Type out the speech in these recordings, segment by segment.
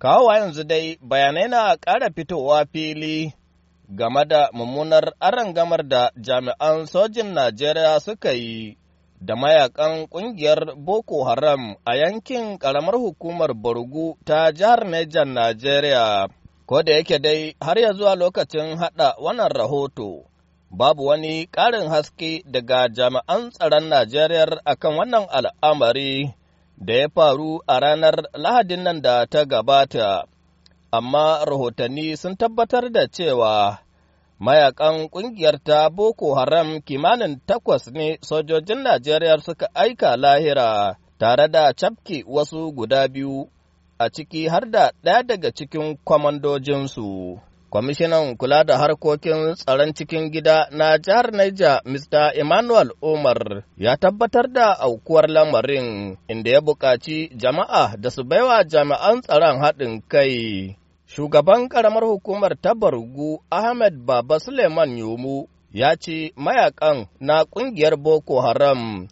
Kawowa yanzu dai bayanai na ƙara fitowa fili game da mummunar gamar da jami'an sojin Najeriya suka yi da mayakan ƙungiyar Boko Haram a yankin ƙaramar hukumar Borgu ta jihar Nijar Najeriya. Ko da yake dai har ya zuwa lokacin haɗa wannan rahoto, babu wani ƙarin haske daga jami'an tsaron Najeriya akan wannan al'amari. da ya faru a ranar Lahadin nan da ta gabata, amma rahotanni sun tabbatar da cewa mayakan ƙungiyar ta Boko Haram kimanin takwas ne sojojin Najeriya suka aika lahira tare da cafke wasu guda biyu, a ciki har da ɗaya daga cikin kwamandojinsu. Kwamishinan kula da harkokin tsaron cikin gida na jihar Niger, Mr. Emmanuel Omar, ya tabbatar da aukuwar lamarin inda ya buƙaci jama'a da su baiwa jami'an tsaron haɗin kai. Shugaban ƙaramar hukumar ta Bargu Ahmed Baba Suleiman Yomu ya ce mayakan na ƙungiyar Boko Haram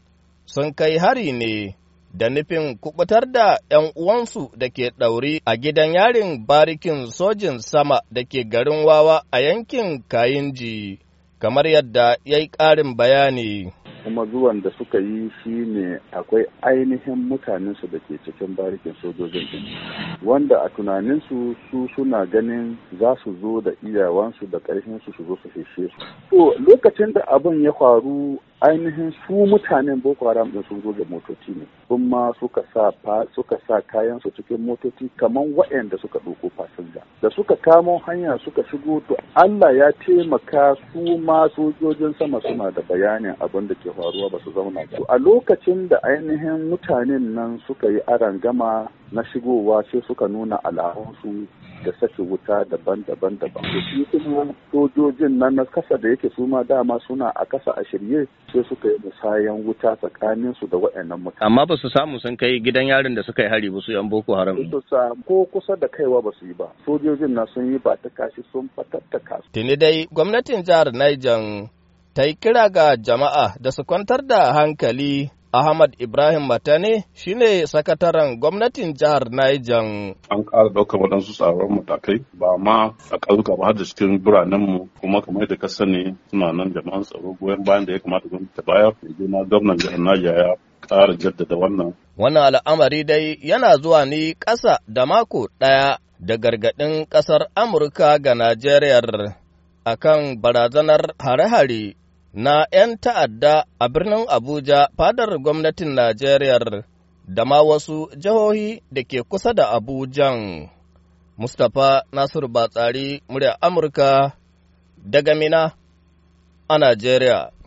sun kai hari ne da nufin kubutar da 'yan uwansu da ke ɗauri a gidan yarin barikin sojin sama da ke garin wawa a yankin Kayinji, kamar yadda ya yi ƙarin bayani. kuma zuwan da suka yi shi ne akwai ainihin mutanensu da ke cikin barikin sojojin din wanda a tunaninsu su suna ganin za su zo da iyawansu da ƙarfinsu su zo su fishe su to lokacin da abin ya faru ainihin su mutanen boko haram din sun zo da motoci ne kuma suka sa kayansu cikin motoci kamar waɗanda suka ɗauko fasi da suka kamo hanya suka shigo to Allah ya taimaka su ma sojojin sama suna da bayanin abin da ke faruwa ba su zauna to a lokacin da ainihin mutanen nan suka yi arangama na shigowa sai suka nuna su da saki wuta daban-daban daban. Shi kuma sojojin nan na kasa da yake su ma dama suna a kasa a shirye sai suka yi musayan wuta tsakanin su da waɗannan mutane. Amma ba su samu sun kai gidan yarin da suka yi hari ba su yan Boko Haram. ko kusa da kaiwa ba su yi ba. Sojojin na sun yi ba ta kashi sun fatattaka kasu Tuni dai gwamnatin jihar Niger ta yi kira ga jama'a da su kwantar da hankali Ahmad Ibrahim Matane shine sakataren gwamnatin jihar Niger. An ƙara ɗaukar waɗansu tsaron matakai ba ma a ƙauyuka ba da cikin biranenmu kuma kamar da ka sani suna nan jama'an tsaro goyon bayan da ya kamata gwamnati ta bayar. Juna gwamnan jihar Niger ya ƙara jaddada wannan. Wannan al'amari dai yana zuwa ne ƙasa da mako ɗaya da gargaɗin ƙasar Amurka ga Najeriya akan barazanar hare-hare na 'yan ta'adda a birnin Abuja fadar gwamnatin Najeriya da ma wasu jihohi da ke kusa da Abujan. Mustapha Nasiru Batsari, murya Amurka, daga Mina a Najeriya.